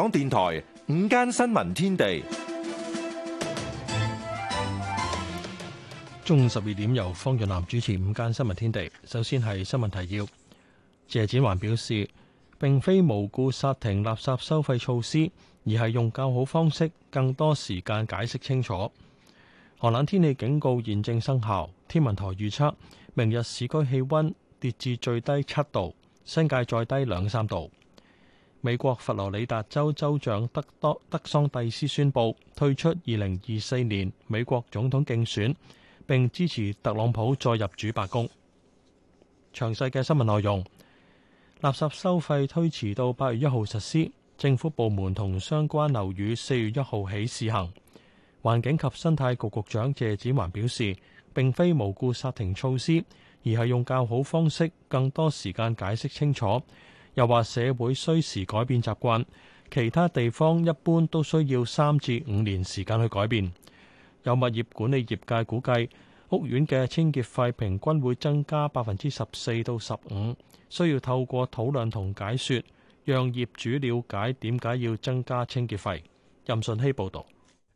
香港電台午間新聞天地，中午十二點由方潤南主持午間新聞天地。首先係新聞提要。謝展環表示，並非無故剎停垃圾收費措施，而係用較好方式、更多時間解釋清楚。寒冷天氣警告現正生效，天文台預測明日市區氣溫跌至最低七度，新界再低兩三度。美國佛羅里達州州長德多德桑蒂斯宣布退出二零二四年美國總統競選，並支持特朗普再入主白宮。詳細嘅新聞內容，垃圾收費推遲到八月一號實施，政府部門同相關樓宇四月一號起試行。環境及生態局局長謝展寰表示，並非無故煞停措施，而係用較好方式、更多時間解釋清楚。又話社會需時改變習慣，其他地方一般都需要三至五年時間去改變。有物業管理業界估計，屋苑嘅清潔費平均會增加百分之十四到十五，需要透過討論同解說，讓業主了解點解要增加清潔費。任順希報導。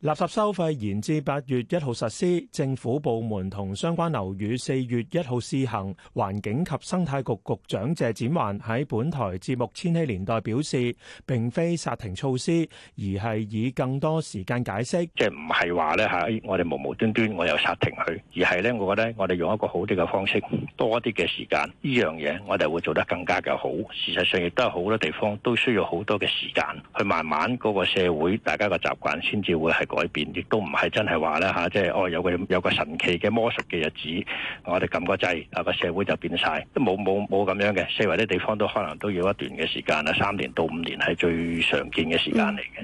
垃圾收費延至八月一號實施，政府部門同相關樓宇四月一號試行。環境及生態局局長謝展寰喺本台節目《千禧年代》表示：並非煞停措施，而係以更多時間解釋。即係唔係話咧吓我哋無無端端我又煞停佢，而係咧我覺得我哋用一個好啲嘅方式，多啲嘅時間，呢樣嘢我哋會做得更加嘅好。事實上亦都有好多地方都需要好多嘅時間去慢慢嗰個社會大家嘅習慣先至會係。改變亦都唔係真係話咧吓，即係哦有個有個神奇嘅魔術嘅日子，我哋撳個掣啊，個社會就變晒。都冇冇冇咁樣嘅，四圍啲地方都可能都要一段嘅時間啦，三年到五年係最常見嘅時間嚟嘅。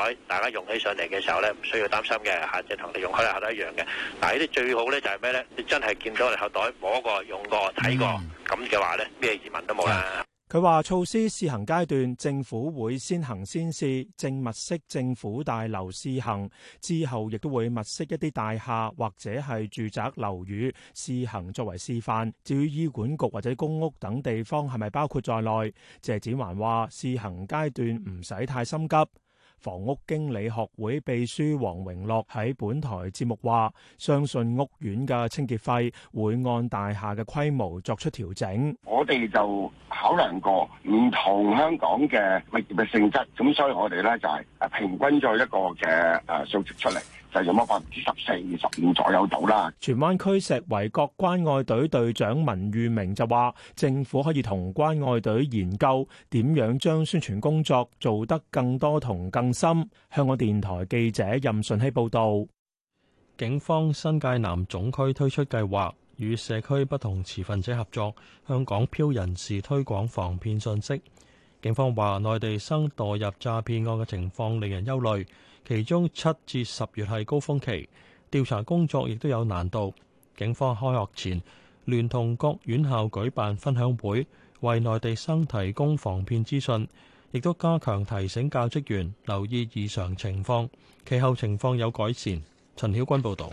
大家用起上嚟嘅時候呢，唔需要擔心嘅吓，即係同你用開盒袋一樣嘅。嗱，呢啲最好呢就係咩呢？你真係見到佢盒袋摸過、用過、睇過，咁嘅話呢，咩疑問都冇啦。佢話措施試行階段，政府會先行先試，正物色政府大樓試行，之後亦都會物色一啲大廈或者係住宅樓宇試行作為示範。至於醫管局或者公屋等地方係咪包括在內？謝展環話試行階段唔使太心急。房屋經理學會秘書黃榮樂喺本台節目話，相信屋苑嘅清潔費會按大廈嘅規模作出調整。我哋就考量過唔同香港嘅物業嘅性質，咁所以我哋咧就係平均咗一個嘅誒數值出嚟。 就有乜百分之十四、二十五左右到啦。荃灣區石圍角關愛隊隊長文裕明就話政府可以同關愛隊研究點樣將宣傳工作做得更多同更深。香港電台記者任順希報道。警方新界南總區推出計劃，與社區不同持份者合作，向港漂人士推廣防騙信息。警方話內地生墮入詐騙案嘅情況令人憂慮。其中七至十月係高峰期，調查工作亦都有難度。警方開學前聯同各院校舉辦分享會，為內地生提供防騙資訊，亦都加強提醒教職員留意異常情況，其後情況有改善。陳曉君報道。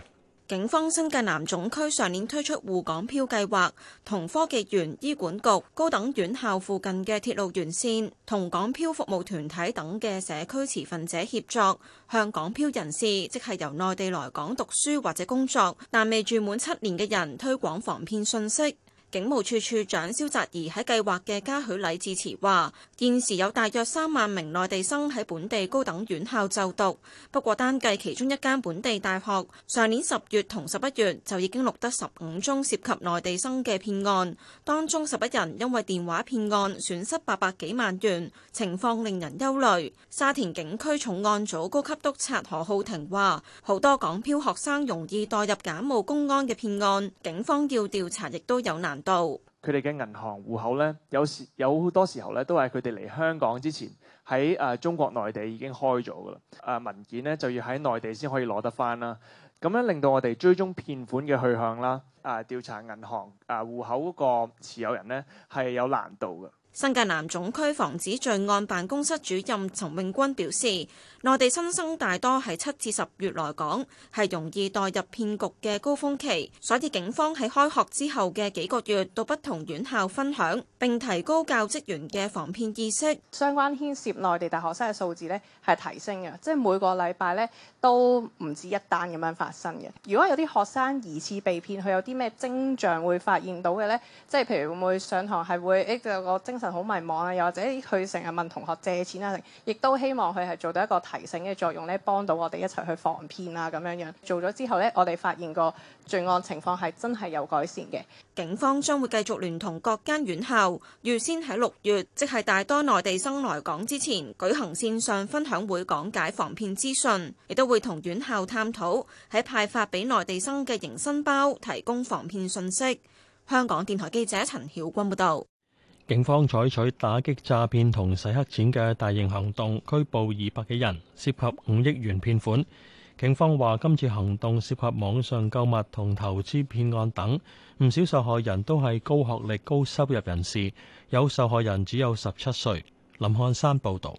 警方新界南總區上年推出護港漂計劃，同科技園、醫管局、高等院校附近嘅鐵路沿線同港漂服務團體等嘅社區持份者協作，向港漂人士，即係由內地來港讀書或者工作但未住滿七年嘅人，推廣防騙信息。警務處處長蕭澤頤喺計劃嘅嘉許禮致辭話，現時有大約三萬名內地生喺本地高等院校就讀。不過單計其中一間本地大學，上年十月同十一月就已經錄得十五宗涉及內地生嘅騙案，當中十一人因為電話騙案損失八百幾萬元，情況令人憂慮。沙田警區重案組高級督察何浩庭話，好多港漂學生容易代入假冒公安嘅騙案，警方要調查亦都有難。到佢哋嘅銀行戶口咧，有時有好多時候咧，都係佢哋嚟香港之前喺誒、呃、中國內地已經開咗噶啦，誒、呃、文件咧就要喺內地先可以攞得翻啦。咁樣令到我哋追蹤騙款嘅去向啦，誒、呃、調查銀行誒、呃、戶口嗰個持有人咧係有難度嘅。新界南總區防止罪案辦公室主任陳永君表示，內地新生大多係七至十月來港，係容易代入騙局嘅高峰期，所以警方喺開學之後嘅幾個月到不同院校分享，並提高教職員嘅防騙意識。相關牽涉內地大學生嘅數字咧係提升嘅，即係每個禮拜咧，都唔止一單咁樣發生嘅。如果有啲學生疑似被騙，佢有啲咩徵象會發現到嘅呢？即係譬如會唔會上堂係會誒個、哎、精神好迷茫啊，又或者佢成日問同學借錢啊，亦都希望佢係做到一個提醒嘅作用呢，幫到我哋一齊去防騙啊咁樣樣。做咗之後呢，我哋發現過。罪案情況係真係有改善嘅。警方將會繼續聯同各間院校，預先喺六月，即係大多內地生來港之前舉行線上分享會，講解防騙資訊，亦都會同院校探討，喺派發俾內地生嘅迎新包，提供防騙信息。香港電台記者陳曉君報道，警方採取打擊詐騙同洗黑錢嘅大型行動，拘捕二百幾人，涉及五億元騙款。警方話，今次行動涉及網上購物同投資騙案等，唔少受害人都係高學歷、高收入人士，有受害人只有十七歲。林漢山報導。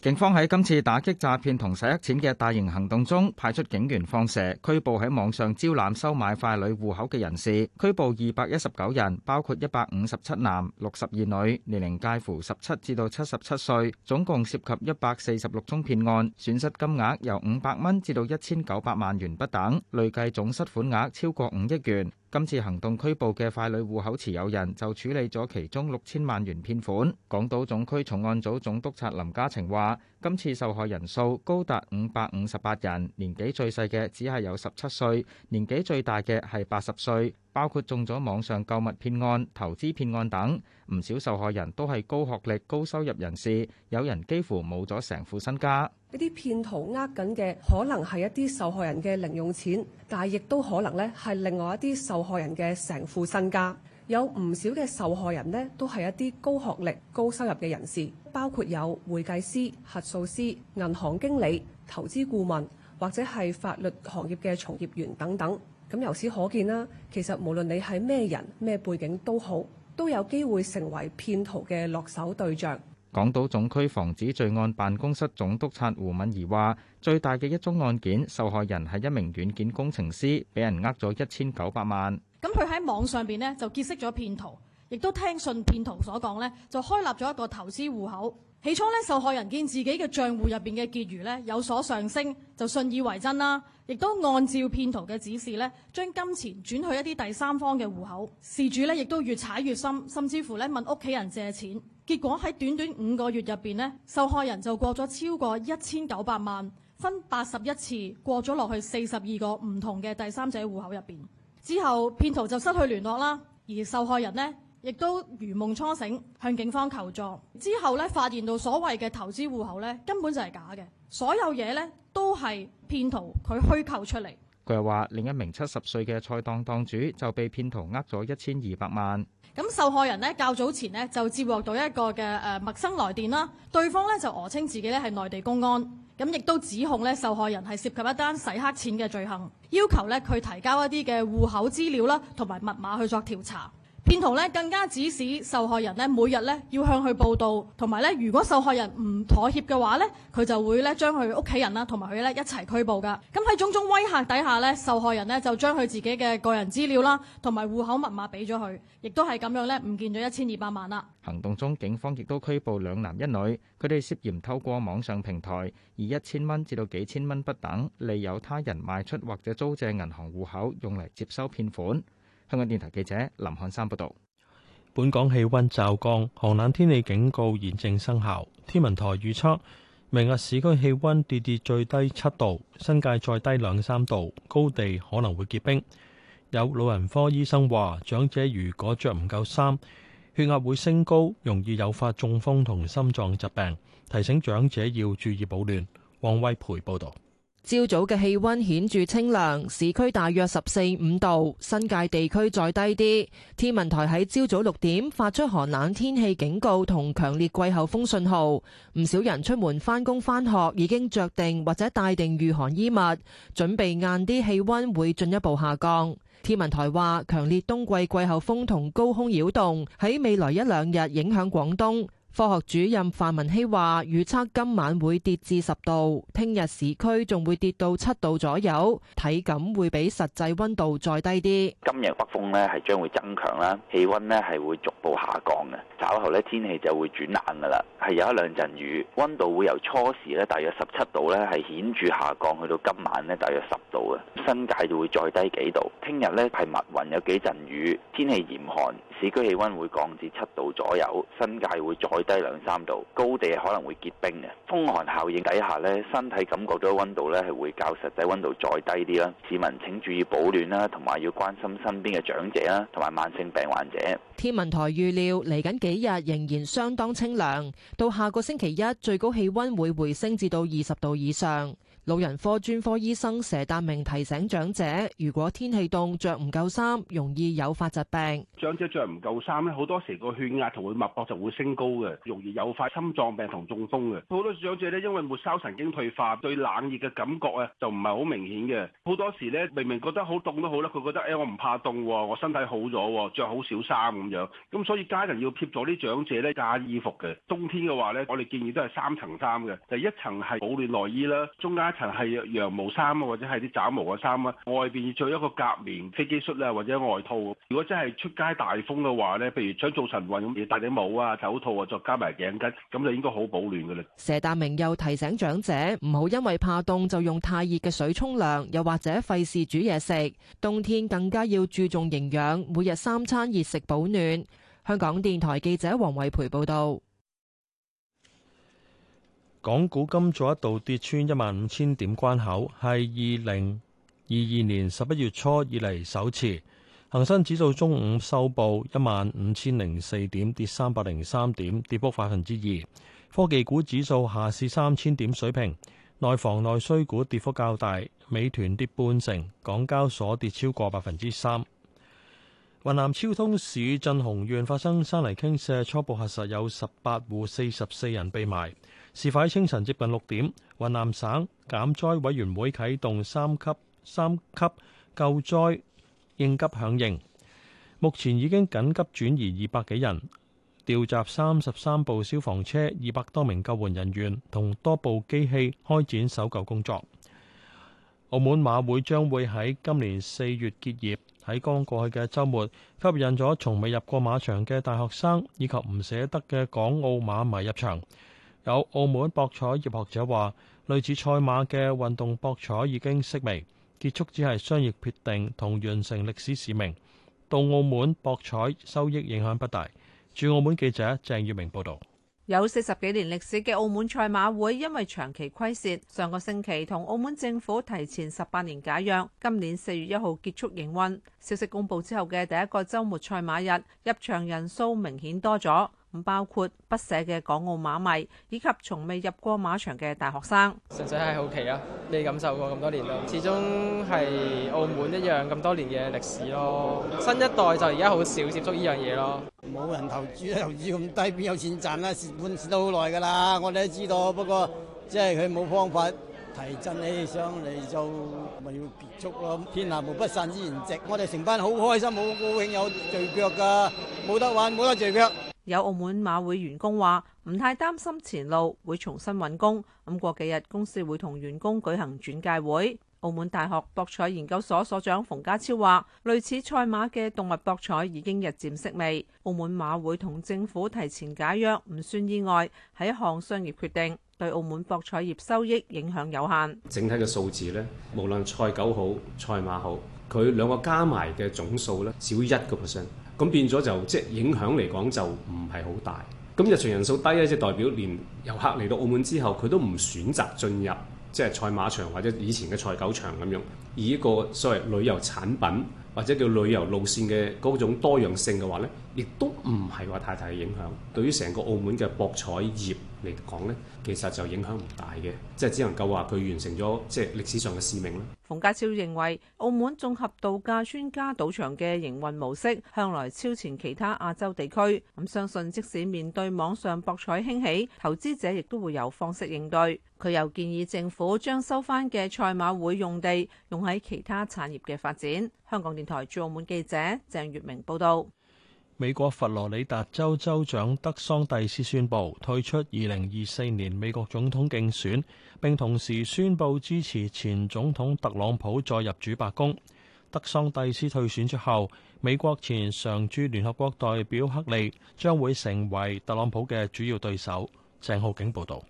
警方喺今次打擊詐騙同洗黑錢嘅大型行動中，派出警員放蛇拘捕喺網上招攬收買傀儡戶口嘅人士，拘捕二百一十九人，包括一百五十七男、六十二女，年齡介乎十七至到七十七歲，總共涉及一百四十六宗騙案，損失金額由五百蚊至到一千九百萬元不等，累計總失款額超過五億元。今次行動拘捕嘅傀儡戶口持有人就處理咗其中六千萬元騙款。港島總區重案組總督察林家晴話：今次受害人數高達五百五十八人，年紀最細嘅只係有十七歲，年紀最大嘅係八十歲，包括中咗網上購物騙案、投資騙案等，唔少受害人都係高學歷高收入人士，有人幾乎冇咗成副身家。呢啲騙徒呃緊嘅可能係一啲受害人嘅零用錢，但係亦都可能咧係另外一啲受害人嘅成副身家。有唔少嘅受害人呢，都係一啲高學歷、高收入嘅人士，包括有會計師、核數師、銀行經理、投資顧問或者係法律行業嘅從業員等等。咁由此可見啦，其實無論你係咩人、咩背景都好，都有機會成為騙徒嘅落手對象。港島總區防止罪案辦公室總督察胡敏儀話，最大嘅一宗案件，受害人係一名軟件工程師，俾人呃咗一千九百萬。咁佢喺網上邊呢就結識咗騙徒，亦都聽信騙徒所講呢就開立咗一個投資戶口。起初呢，受害人見自己嘅賬戶入邊嘅結餘呢有所上升，就信以為真啦，亦都按照騙徒嘅指示呢將金錢轉去一啲第三方嘅戶口。事主呢亦都越踩越深，甚至乎呢問屋企人借錢。結果喺短短五個月入邊咧，受害人就過咗超過一千九百萬，分八十一次過咗落去四十二個唔同嘅第三者戶口入邊。之後騙徒就失去聯絡啦，而受害人咧亦都如夢初醒，向警方求助。之後咧發現到所謂嘅投資戶口咧根本就係假嘅，所有嘢咧都係騙徒佢虛構出嚟。佢又話：另一名七十歲嘅菜檔檔主就被騙徒呃咗一千二百萬。咁受害人呢，較早前呢就接獲到一個嘅誒陌生來電啦，對方呢就訛稱自己呢係內地公安，咁亦都指控呢受害人係涉及一單洗黑錢嘅罪行，要求呢佢提交一啲嘅戶口資料啦同埋密碼去作調查。騙徒咧更加指使受害人咧每日咧要向佢報道，同埋咧如果受害人唔妥協嘅話咧，佢就會咧將佢屋企人啦同埋佢咧一齊拘捕㗎。咁喺種種威嚇底下咧，受害人咧就將佢自己嘅個人資料啦同埋戶口密碼俾咗佢，亦都係咁樣咧唔見咗一千二百萬啦。行動中，警方亦都拘捕兩男一女，佢哋涉嫌透過網上平台，以一千蚊至到幾千蚊不等，利誘他人賣出或者租借銀行戶口用嚟接收騙款。香港電台記者林漢山報道，本港氣溫驟降，寒冷天氣警告現正生效。天文台預測，明日市區氣溫跌跌最低七度，新界再低兩三度，高地可能會結冰。有老人科醫生話，長者如果着唔夠衫，血壓會升高，容易誘發中風同心臟疾病，提醒長者要注意保暖。王威培報道。朝早嘅氣溫顯著清涼，市區大約十四五度，新界地區再低啲。天文台喺朝早六點發出寒冷天氣警告同強烈季候風信號，唔少人出門返工返學已經着定或者帶定禦寒衣物，準備晏啲氣溫會進一步下降。天文台話，強烈冬季季候風同高空擾動喺未來一兩日影響廣東。科學主任范文希話，預測今晚會跌至十度，聽日市區仲會跌到七度左右，體感會比實際溫度再低啲。今日北風呢係將會增強啦，氣溫呢係會逐步下降嘅，稍後呢天氣就會轉冷噶啦，係有一兩陣雨，溫度會由初時呢大約十七度呢係顯著下降去到今晚呢大約十度嘅，新界就會再低幾度。聽日呢係密雲有幾陣雨，天氣嚴寒，市區氣溫會降至七度左右，新界會再。低兩三度，高地可能會結冰嘅風寒效應底下咧，身體感覺到溫度咧係會較實際溫度再低啲啦。市民請注意保暖啦，同埋要關心身邊嘅長者啦，同埋慢性病患者。天文台預料嚟緊幾日仍然相當清涼，到下個星期一最高氣溫會回升至到二十度以上。老人科專科醫生佘達明提醒長者，如果天氣凍，着唔夠衫，容易誘發疾病。長者着唔夠衫咧，好多時個血壓同埋脈搏就會升高嘅，容易誘發心臟病同中風嘅。好多長者咧，因為末梢神經退化，對冷熱嘅感覺啊，就唔係好明顯嘅。好多時咧，明明覺得好凍都好啦，佢覺得誒、哎、我唔怕凍，我身體好咗，着好少衫咁樣。咁所以家人要 keep 住啲長者咧加衣服嘅。冬天嘅話咧，我哋建議都係三層衫嘅，第、就是、一層係保暖內衣啦，中間。係羊毛衫或者係啲絨毛嘅衫啊，外邊要着一個夾棉飛機恤啊，或者外套。如果真係出街大風嘅話咧，譬如想做晨運，要戴頂帽啊、手套啊，再加埋頸巾，咁就應該好保暖㗎喇。佘達明又提醒長者唔好因為怕凍就用太熱嘅水沖涼，又或者費事煮嘢食。冬天更加要注重營養，每日三餐熱食保暖。香港電台記者黃偉培報道。港股今早一度跌穿一萬五千點關口，係二零二二年十一月初以嚟首次。恒生指數中午收報一萬五千零四點，跌三百零三點，跌幅百分之二。科技股指數下市三千點水平，內房內需股跌幅較大，美團跌半成，港交所跌超過百分之三。雲南昭通市鎮雄縣發生山泥傾瀉，初步核實有十八戶四十四人被埋，埋。事發喺清晨接近六點，雲南省減災委員會啟動三級三級救災應急響應，目前已經緊急轉移二百幾人，調集三十三部消防車、二百多名救援人員同多部機器開展搜救工作。澳門馬會將會喺今年四月結業，喺剛過去嘅週末吸引咗從未入過馬場嘅大學生以及唔捨得嘅港澳馬迷入場。有澳門博彩業學者話，類似賽馬嘅運動博彩已經式微，結束只係商業決定同完成歷史使命。到澳門博彩收益影響不大。駐澳門記者鄭月明報導，有四十幾年歷史嘅澳門賽馬會因為長期虧蝕，上個星期同澳門政府提前十八年解約，今年四月一號結束營運。消息公佈之後嘅第一個週末賽馬日，入場人數明顯多咗。唔包括不捨嘅港澳馬迷，以及從未入過馬場嘅大學生，純粹係好奇啦、啊，你感受過咁多年咯。始終係澳門一樣咁多年嘅歷史咯。新一代就而家好少接觸呢樣嘢咯。冇人投注，投注咁低，邊有錢賺啊？蝕本蝕得好耐㗎啦，我哋都知道。不過即係佢冇方法提振起上嚟，就咪要結束咯。天下無不散之筵席，我哋成班好開心，好高興，有聚腳㗎，冇得玩，冇得聚腳。有澳門馬會員工話唔太擔心前路，會重新揾工，咁過幾日公司會同員工舉行轉介會。澳門大學博彩研究所所長馮家超話，類似賽馬嘅動物博彩已經日漸式微，澳門馬會同政府提前解約唔算意外，係一項商業決定，對澳門博彩業收益影響有限。整體嘅數字呢，無論賽狗好賽馬好，佢兩個加埋嘅總數咧，少於一個 percent。咁變咗就即係、就是、影響嚟講就唔係好大。咁入場人數低咧，即、就、係、是、代表連遊客嚟到澳門之後，佢都唔選擇進入即係、就是、賽馬場或者以前嘅賽狗場咁樣，以呢個所謂旅遊產品或者叫旅遊路線嘅嗰種多樣性嘅話咧。亦都唔係話太大嘅影響，對於成個澳門嘅博彩業嚟講咧，其實就影響唔大嘅，即係只能夠話，佢完成咗即係歷史上嘅使命啦。馮家超認為澳門綜合度假村加賭場嘅營運模式向來超前其他亞洲地區，咁相信即使面對網上博彩興起，投資者亦都會有方式應對，佢又建議政府將收翻嘅賽馬會用地用喺其他產業嘅發展。香港電台駐澳門記者鄭月明報道。美國佛羅里達州州長德桑蒂斯宣布退出二零二四年美國總統競選，並同時宣布支持前總統特朗普再入主白宮。德桑蒂斯退選之後，美國前常駐聯合國代表克利將會成為特朗普嘅主要對手。鄭浩景報道。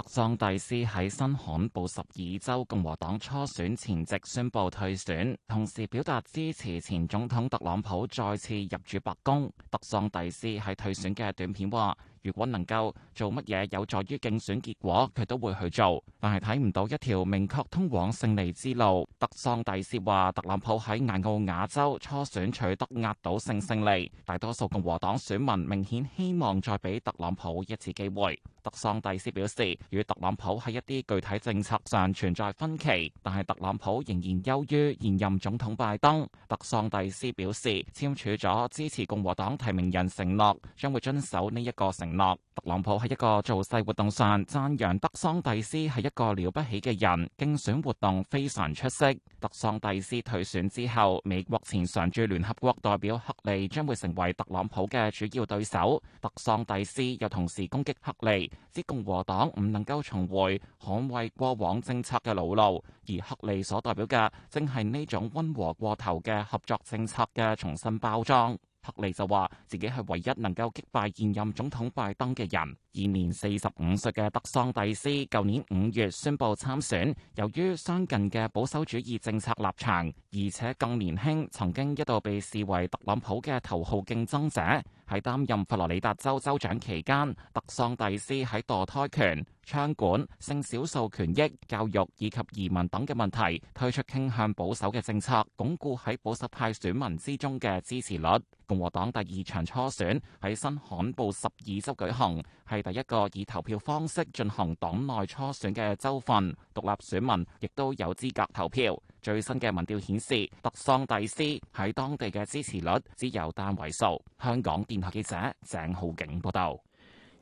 特桑蒂斯喺新罕布什爾州共和黨初選前夕宣布退選，同時表達支持前總統特朗普再次入主白宮。特桑蒂斯喺退選嘅短片話，如果能夠做乜嘢有助於競選結果，佢都會去做，但係睇唔到一條明確通往勝利之路。特桑蒂斯話，特朗普喺艾奧瓦州初選取得壓倒性勝利，大多數共和黨選民明顯希望再俾特朗普一次機會。德桑蒂斯表示，與特朗普喺一啲具體政策上存在分歧，但係特朗普仍然優於現任總統拜登。德桑蒂斯表示，簽署咗支持共和黨提名人承諾，將會遵守呢一個承諾。特朗普喺一個造勢活動上讚揚德桑蒂斯係一個了不起嘅人，競選活動非常出色。德桑蒂斯退選之後，美國前常駐聯合國代表克利將會成為特朗普嘅主要對手。德桑蒂斯又同時攻擊克利，指共和黨唔能夠重回捍衛過往政策嘅老路，而克利所代表嘅正係呢種溫和過頭嘅合作政策嘅重新包裝。特利就話自己係唯一能夠擊敗現任總統拜登嘅人。現年四十五歲嘅德桑蒂斯，舊年五月宣布參選，由於相近嘅保守主義政策立場，而且更年輕，曾經一度被視為特朗普嘅頭號競爭者。喺擔任佛羅里達州州長期間，德桑蒂斯喺墮胎權、槍管、性少數權益、教育以及移民等嘅問題，推出傾向保守嘅政策，鞏固喺保守派選民之中嘅支持率。共和黨第二場初選喺新罕布什爾州舉行，係第一個以投票方式進行黨內初選嘅州份。獨立選民亦都有資格投票。最新嘅民調顯示，特桑蒂斯喺當地嘅支持率只有單位數，香港電台記者鄭浩景報道。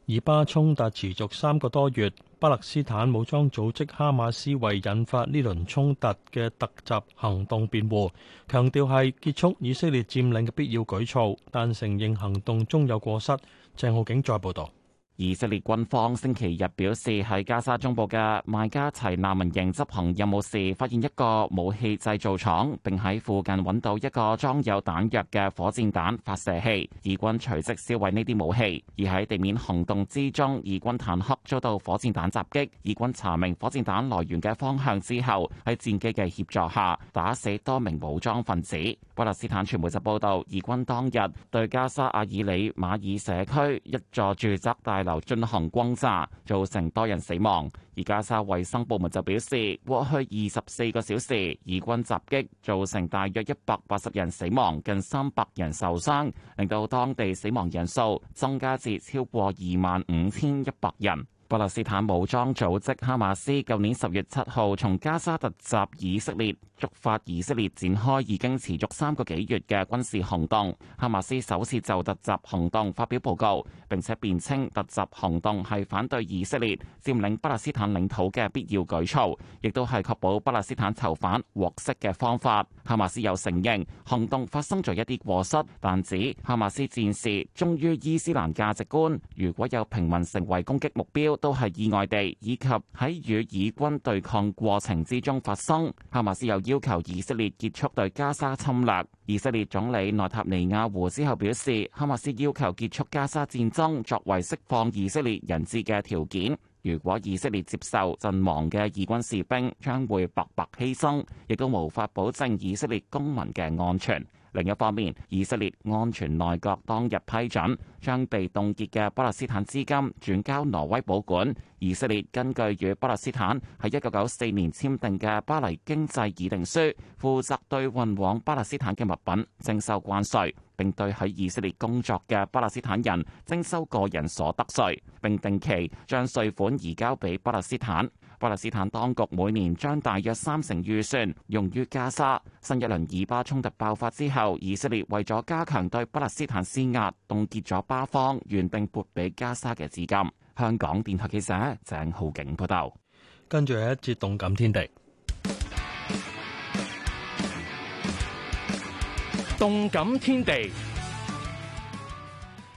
以巴衝突持續三個多月，巴勒斯坦武裝組織哈馬斯為引發呢輪衝突嘅突襲行動辯護，強調係結束以色列佔領嘅必要舉措，但承認行動中有過失。鄭浩景再報道。以色列軍方星期日表示，喺加沙中部嘅麥加齊難民營執行任務時，發現一個武器製造廠，並喺附近揾到一個裝有彈藥嘅火箭彈發射器。以軍隨即銷毀呢啲武器。而喺地面行動之中，以軍坦克遭到火箭彈襲擊。以軍查明火箭彈來源嘅方向之後，喺戰機嘅協助下，打死多名武裝分子。巴勒斯坦傳媒就報道，以軍當日對加沙阿爾里馬爾社區一座住宅大流進行轟炸，造成多人死亡。而加沙衛生部門就表示，過去二十四個小時，以軍襲擊造成大約一百八十人死亡，近三百人受傷，令到當地死亡人數增加至超過二萬五千一百人。巴勒斯坦武裝組織哈馬斯舊年十月七號從加沙突襲以色列，觸發以色列展開已經持續三個幾月嘅軍事行動，哈馬斯首次就突襲行動發表報告，並且辯稱突襲行動係反對以色列佔領巴勒斯坦領土嘅必要舉措，亦都係確保巴勒斯坦囚犯獲釋嘅方法。哈馬斯又承認行動發生咗一啲過失，但指哈馬斯戰士忠於伊斯蘭價值觀，如果有平民成為攻擊目標都係意外地，以及喺與以軍對抗過程之中發生。哈馬斯又要求以色列結束對加沙侵略。以色列總理內塔尼亞胡之後表示，哈馬斯要求結束加沙戰爭作為釋放以色列人質嘅條件。如果以色列接受，陣亡嘅以軍士兵將會白白犧牲，亦都無法保證以色列公民嘅安全。另一方面，以色列安全內閣當日批准將被凍結嘅巴勒斯坦資金轉交挪威保管。以色列根據與巴勒斯坦喺一九九四年簽訂嘅巴黎經濟議定書，負責對運往巴勒斯坦嘅物品徵收關稅，並對喺以色列工作嘅巴勒斯坦人徵收個人所得稅，並定期將稅款移交俾巴勒斯坦。巴勒斯坦當局每年將大約三成預算用於加沙。新一輪以巴衝突爆發之後，以色列為咗加強對巴勒斯坦施壓，凍結咗巴方原定撥畀加沙嘅資金。香港電台記者鄭浩景報道。跟住係一節動感天地，動感天地。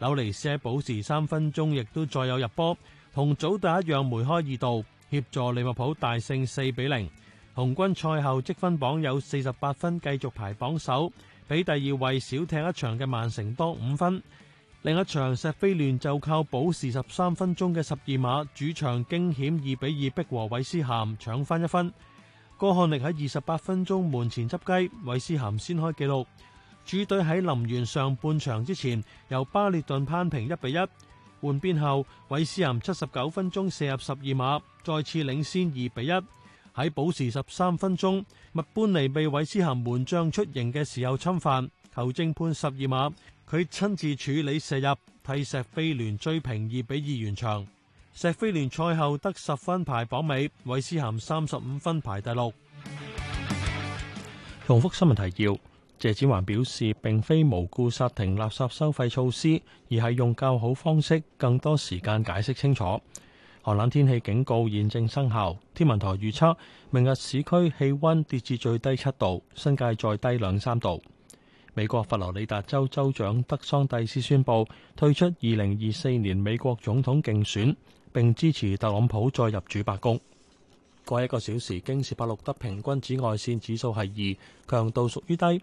紐尼斯喺補時三分鐘亦都再有入波，同祖達一樣梅開二度，協助利物浦大勝四比零。紅軍賽後積分榜有四十八分，繼續排榜首，比第二位少踢一場嘅曼城多五分。另一場錫菲聯就靠補時十三分鐘嘅十二碼，主場驚險二比二逼和韋斯咸，搶翻一分。哥漢力喺二十八分鐘門前執雞，韋斯咸先開紀錄。主隊喺臨完上半場之前由巴列頓扳平一比一，換邊後韋斯咸七十九分鐘射入十二碼，再次領先二比一。喺補時十三分鐘，麥班尼被韋斯咸門將出迎嘅時候侵犯，球證判十二碼，佢親自處理射入，替石飛聯追平二比二完場。石飛聯賽後得十分排榜尾，韋斯咸三十五分排第六。重複新聞提要。謝展寰表示，並非無故殺停垃圾收費措施，而係用較好方式、更多時間解釋清楚。寒冷天氣警告現正生效。天文台預測，明日市區氣温跌至最低七度，新界再低兩三度。美國佛羅里達州州州長德桑蒂斯宣布退出二零二四年美國總統競選，並支持特朗普再入主白宮。過一個小時，京士柏錄得平均紫外線指數係二，強度屬於低。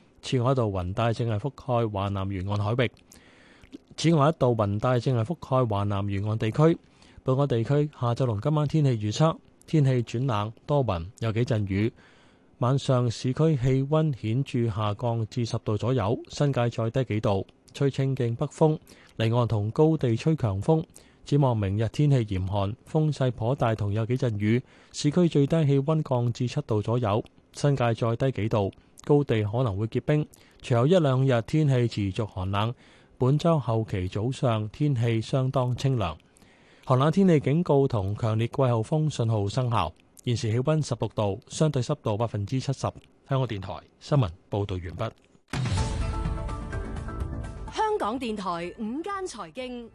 此外，次一道雲帶正係覆蓋華南沿岸海域。此外，一道雲帶正係覆蓋華南沿岸地區。本港地區下晝同今晚天氣預測：天氣轉冷，多雲，有幾陣雨。晚上市區氣温顯著下降至十度左右，新界再低幾度，吹清勁北風，離岸同高地吹強風。展望明日天氣嚴寒，風勢頗大，同有幾陣雨。市區最低氣温降至七度左右，新界再低幾度。高地可能會結冰，隨後一兩日天氣持續寒冷，本週後期早上天氣相當清涼。寒冷天氣警告同強烈季候風信號生效。現時氣温十六度，相對濕度百分之七十。香港電台新聞報導完畢。香港電台午間財經，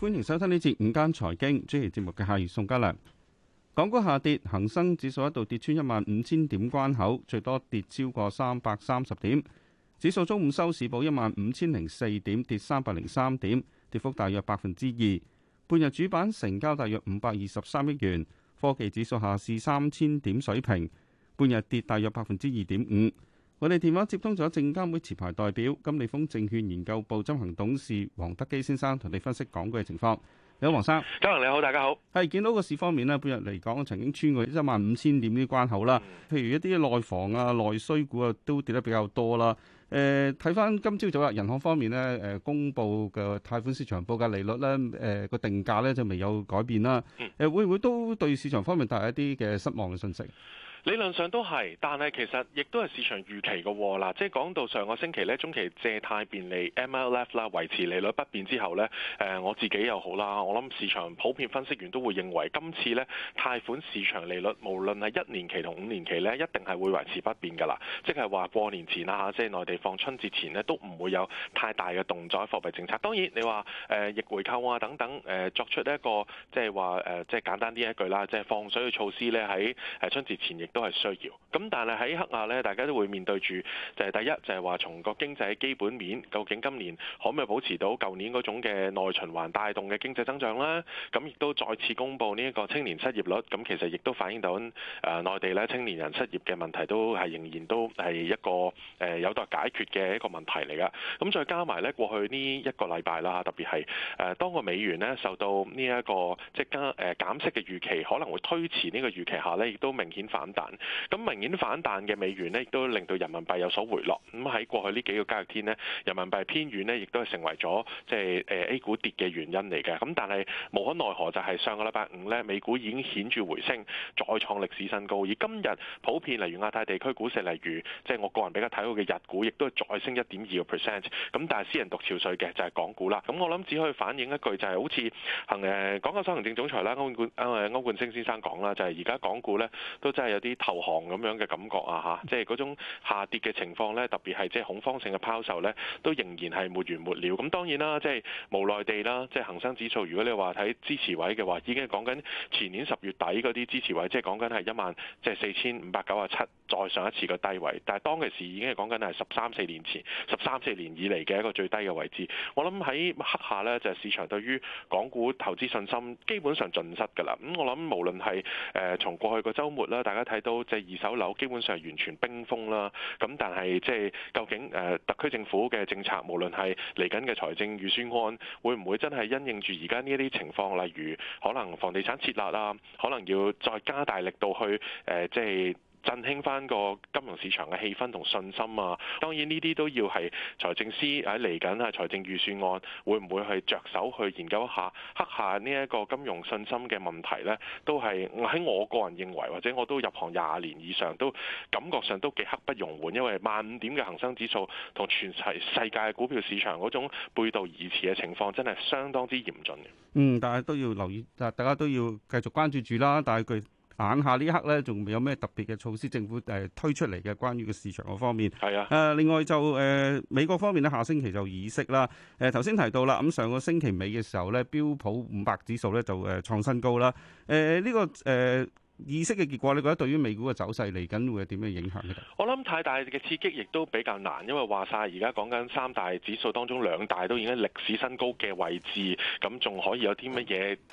歡迎收聽呢節午間財經。主持節目嘅係宋嘉良。港股下跌，恒生指數一度跌穿一萬五千點關口，最多跌超過三百三十點。指數中午收市報一萬五千零四點，跌三百零三點，跌幅大約百分之二。半日主板成交大約五百二十三億元。科技指數下市三千點水平，半日跌大約百分之二點五。我哋電話接通咗證監會持牌代表金利豐證券研究部執行董事黃德基先生，同你分析港股嘅情況。有黃生，早晨你好，大家好。係見到個市方面呢，本日嚟講曾經穿過一萬五千點啲關口啦。嗯、譬如一啲內房啊、內需股啊，都跌得比較多啦。誒、呃，睇翻今朝早日人行方面呢，誒、呃，公布嘅貸款市場報價利率咧，誒、呃，個定價咧就未有改變啦。誒、嗯，會唔會都對市場方面帶嚟一啲嘅失望嘅信息？理論上都係，但係其實亦都係市場預期嘅啦。即係講到上個星期呢，中期借貸便利 MLF 啦維持利率不變之後呢，誒我自己又好啦，我諗市場普遍分析員都會認為今次呢貸款市場利率無論係一年期同五年期呢，一定係會維持不變㗎啦。即係話過年前啊，即係內地放春節前呢，都唔會有太大嘅動作在貨幣政策。當然你話誒逆回購啊等等誒作出一個，即係話誒即係簡單啲一句啦，即係放水嘅措施呢，喺誒春節前亦，都係需要，咁但係喺黑亞呢，大家都會面對住，就係第一就係話從個經濟基本面，究竟今年可唔可以保持到舊年嗰種嘅內循環帶動嘅經濟增長啦？咁亦都再次公布呢一個青年失業率，咁其實亦都反映到誒內地呢青年人失業嘅問題都係仍然都係一個誒有待解決嘅一個問題嚟㗎。咁再加埋呢過去呢一個禮拜啦，特別係誒當個美元呢受到呢一個即係加誒減息嘅預期可能會推遲呢個預期下呢，亦都明顯反咁明顯反彈嘅美元呢，亦都令到人民幣有所回落。咁喺過去呢幾個交易天呢，人民幣偏軟呢，亦都係成為咗即係誒 A 股跌嘅原因嚟嘅。咁但係無可奈何，就係上個禮拜五呢，美股已經顯著回升，再創歷史新高。而今日普遍例如亞太地區股市，例如即係我個人比較睇好嘅日股，亦都係再升一點二個 percent。咁但係斯人獨憔悴嘅就係港股啦。咁我諗只可以反映一句，就係好似行誒港交所行政總裁啦歐冠歐冠昇先生講啦，就係而家港股呢，都真係有啲，啲投行咁樣嘅感覺啊嚇，即係嗰種下跌嘅情況呢，特別係即係恐慌性嘅拋售呢，都仍然係沒完沒了。咁當然啦，即係無奈地啦，即係恆生指數，如果你話睇支持位嘅話，已經係講緊前年十月底嗰啲支持位，即係講緊係一萬即係四千五百九啊七，再上一次嘅低位。但係當其時已經係講緊係十三四年前，十三四年以嚟嘅一個最低嘅位置。我諗喺刻下呢，就係市場對於港股投資信心基本上盡失㗎啦。咁我諗無論係誒從過去個週末啦，大家睇。到二手樓基本上完全冰封啦。咁但係即係究竟誒、呃、特區政府嘅政策，無論係嚟緊嘅財政預算案，會唔會真係因應住而家呢一啲情況？例如可能房地產設立啊，可能要再加大力度去誒即係。呃即係振興翻個金融市場嘅氣氛同信心啊！當然呢啲都要係財政司喺嚟緊啊，財政預算案會唔會去着手去研究一下刻下呢一個金融信心嘅問題呢，都係喺我個人認為，或者我都入行廿年以上，都感覺上都幾刻不容緩，因為萬五點嘅恒生指數同全齊世界股票市場嗰種背道而馳嘅情況，真係相當之嚴峻嘅。嗯，但係都要留意，大家都要繼續關注住啦。但係佢。眼下呢一刻咧，仲未有咩特別嘅措施，政府誒、呃、推出嚟嘅關於個市場嗰方面。係的啊，誒另外就誒、呃、美國方面咧，下星期就議息啦。誒頭先提到啦，咁、呃、上個星期尾嘅時候咧，標普五百指數咧就誒、呃、創新高啦。誒、呃、呢、這個誒。呃意識嘅結果，你覺得對於美股嘅走勢嚟緊會有點樣影響呢？我諗太大嘅刺激亦都比較難，因為話晒而家講緊三大指數當中兩大都已經歷史新高嘅位置，咁仲可以有啲乜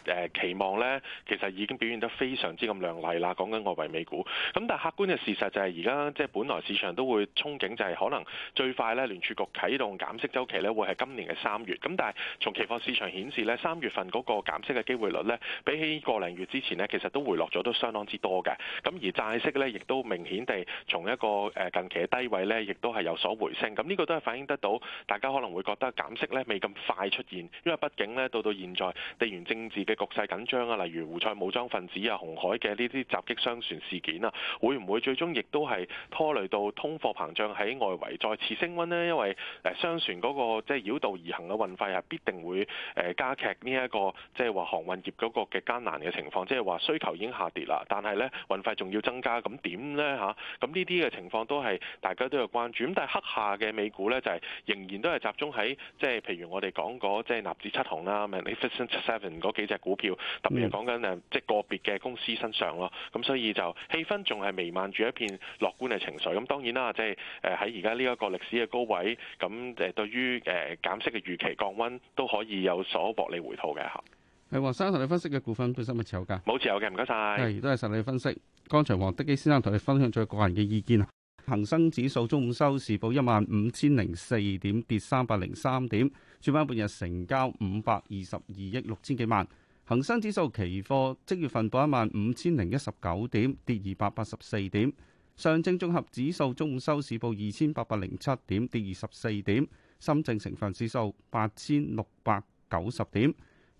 嘢誒期望呢？其實已經表現得非常之咁亮麗啦。講緊外圍美股，咁但係客觀嘅事實就係而家即係本來市場都會憧憬就係可能最快呢聯儲局啟動減息週期呢，會係今年嘅三月。咁但係從期貨市場顯示呢三月份嗰個減息嘅機會率呢，比起個零月之前呢，其實都回落咗，都相。當之多嘅，咁而債息呢，亦都明顯地從一個誒近期嘅低位呢，亦都係有所回升。咁呢個都係反映得到，大家可能會覺得減息呢未咁快出現，因為畢竟呢，到到現在地緣政治嘅局勢緊張啊，例如胡塞武裝分子啊、紅海嘅呢啲襲擊商船事件啊，會唔會最終亦都係拖累到通貨膨脹喺外圍再次升溫呢？因為誒商船嗰、那個即係繞道而行嘅運費係必定會誒加劇呢、這、一個即係話航運業嗰個嘅艱難嘅情況，即係話需求已經下跌啦。但係咧運費仲要增加，咁點咧嚇？咁呢啲嘅情況都係大家都有關注。咁但係黑下嘅美股咧，就係、是、仍然都係集中喺即係譬如我哋講過即係納指七雄啦 Magnificent Seven 嗰幾隻股票，特別係講緊誒即係個別嘅公司身上咯。咁所以就氣氛仲係瀰漫住一片樂觀嘅情緒。咁當然啦，即係誒喺而家呢一個歷史嘅高位，咁誒對於誒減息嘅預期降溫都可以有所薄利回吐嘅嚇。係黃生同你分析嘅股份本身係咪持有㗎？冇持有嘅，唔該晒。係都係實你分析。剛才黃德基先生同你分享咗個人嘅意見啊。恒生指數中午收市報一萬五千零四點，跌三百零三點。主板半日成交五百二十二億六千幾萬。恒生指數期貨即月份報一萬五千零一十九點，跌二百八十四點。上證綜合指數中午收市報二千八百零七點，跌二十四點。深證成分指數八千六百九十點。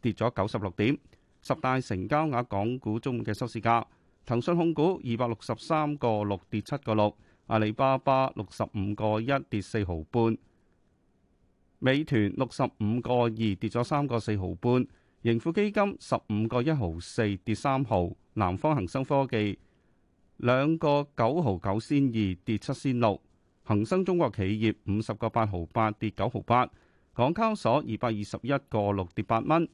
跌咗九十六點，十大成交額港股中午嘅收市價，騰訊控股二百六十三個六跌七個六，阿里巴巴六十五個一跌四毫半，美團六十五個二跌咗三個四毫半，盈富基金十五個一毫四跌三毫，南方恒生科技兩個九毫九仙二跌七仙六，恒生中國企業五十個八毫八跌九毫八，港交所二百二十一個六跌八蚊。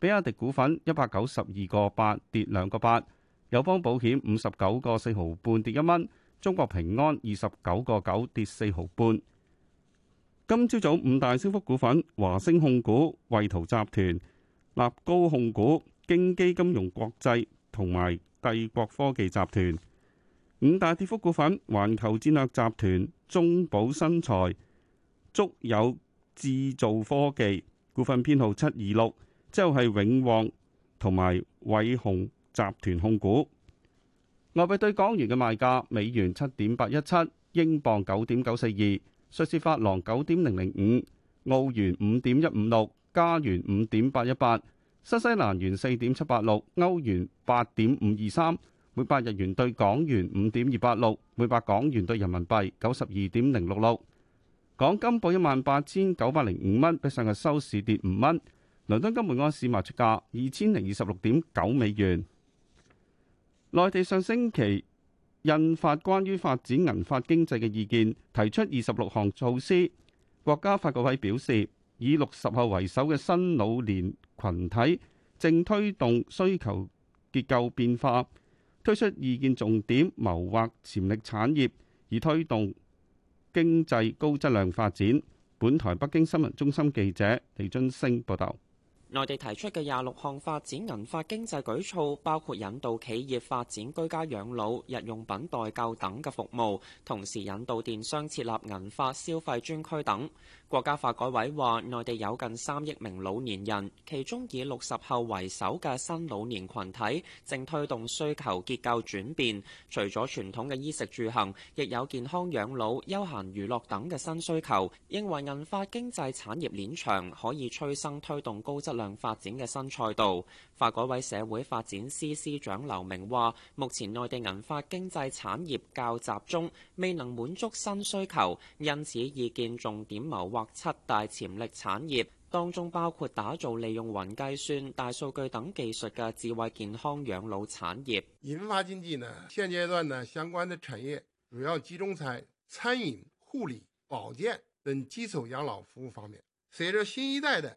比亞迪股份一百九十二個八跌兩個八，友邦保險五十九個四毫半跌一蚊，中國平安二十九個九跌四毫半。今朝早五大升幅股份：華星控股、惠圖集團、立高控股、京基金融國際同埋帝國科技集團。五大跌幅股份：環球戰略集團、中寶新材、足友製造科技股份編號七二六，之後係永旺同埋偉鴻集團控股。外幣對港元嘅賣價，美元七點八一七，英鎊九點九四二，瑞士法郎九點零零五，澳元五點一五六，加元五點八一八，新西蘭元四點七八六，歐元八點五二三，每百日元對港元五點二八六，每百港元對人民幣九十二點零六六。港金報一萬八千九百零五蚊，比上日收市跌五蚊。倫敦金盤安市賣出價二千零二十六點九美元。內地上星期印發關於發展銀髮經濟嘅意見，提出二十六項措施。國家發改委表示，以六十後為首嘅新老年群體正推動需求結構變化，推出意見重點謀劃潛力產業，以推動經濟高質量發展。本台北京新聞中心記者李俊星報道。內地提出嘅廿六項發展銀發經濟舉措，包括引導企業發展居家養老、日用品代購等嘅服務，同時引導電商設立銀發消費專區等。國家發改委話，內地有近三億名老年人，其中以六十後為首嘅新老年群體正推動需求結構轉變。除咗傳統嘅衣食住行，亦有健康養老、休閒娛樂等嘅新需求。認為銀發經濟產業鏈長，可以催生推動高質量發展嘅新賽道，發改委社會發展司司長劉明話，目前內地銀髮經濟產業較集中，未能滿足新需求，因此意見重點謀劃七大潛力產業，當中包括打造利用雲計算、大數據等技術嘅智慧健康養老產業。銀髮經濟呢，現階段呢相關嘅產業主要集中在餐飲、護理、保健等基礎養老服務方面。隨着新一代的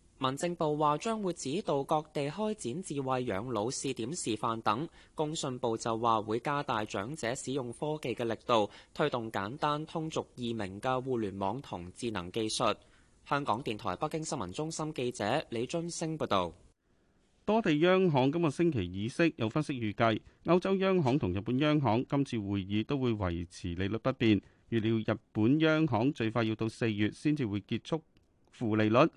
民政部話將會指導各地開展智慧養老試點示範等，工信部就話會加大長者使用科技嘅力度，推動簡單通俗易明嘅互聯網同智能技術。香港電台北京新聞中心記者李津星報道。多地央行今個星期議息，有分析預計歐洲央行同日本央行今次會議都會維持利率不變，預料日本央行最快要到四月先至會結束負利率。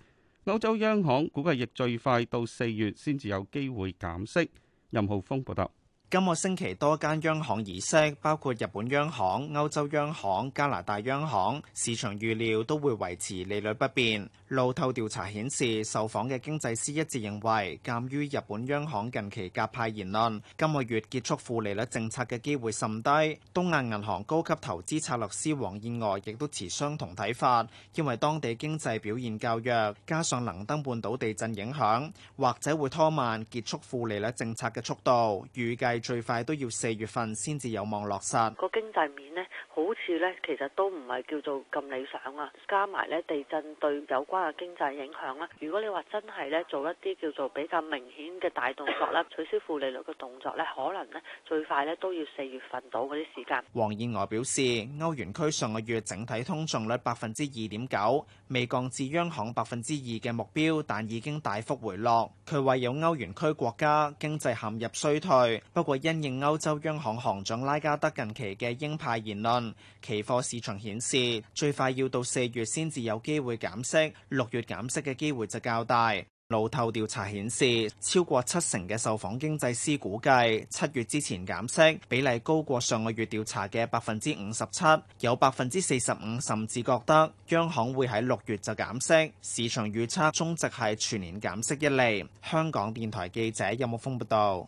歐洲央行估計亦最快到四月先至有機會減息。任浩峰報道。今個星期多間央行議息，包括日本央行、歐洲央行、加拿大央行，市場預料都會維持利率不變。路透調查顯示，受訪嘅經濟師一致認為，鑑於日本央行近期鴿派言論，今個月結束負利率政策嘅機會甚低。東亞銀行高級投資策略師王燕娥亦都持相同睇法，因為當地經濟表現較弱，加上能登半島地震影響，或者會拖慢結束負利率政策嘅速度，預計，最快都要四月份先至有望落實。個經濟面咧，好似咧，其實都唔係叫做咁理想啊。加埋咧地震對有關嘅經濟影響啦。如果你話真係咧做一啲叫做比較明顯嘅大動作啦，取消負利率嘅動作咧，可能咧最快咧都要四月份到嗰啲時間。黃燕娥表示，歐元區上個月整體通脹率百分之二點九，未降至央行百分之二嘅目標，但已經大幅回落。佢話有歐元區國家經濟陷入衰退，不過。因應歐洲央行行長拉加德近期嘅鷹派言論，期貨市場顯示最快要到四月先至有機會減息，六月減息嘅機會就較大。路透調查顯示，超過七成嘅受訪經濟師估計七月之前減息，比例高過上個月調查嘅百分之五十七，有百分之四十五甚至覺得央行會喺六月就減息。市場預測中值係全年減息一釐。香港電台記者任木峰報道。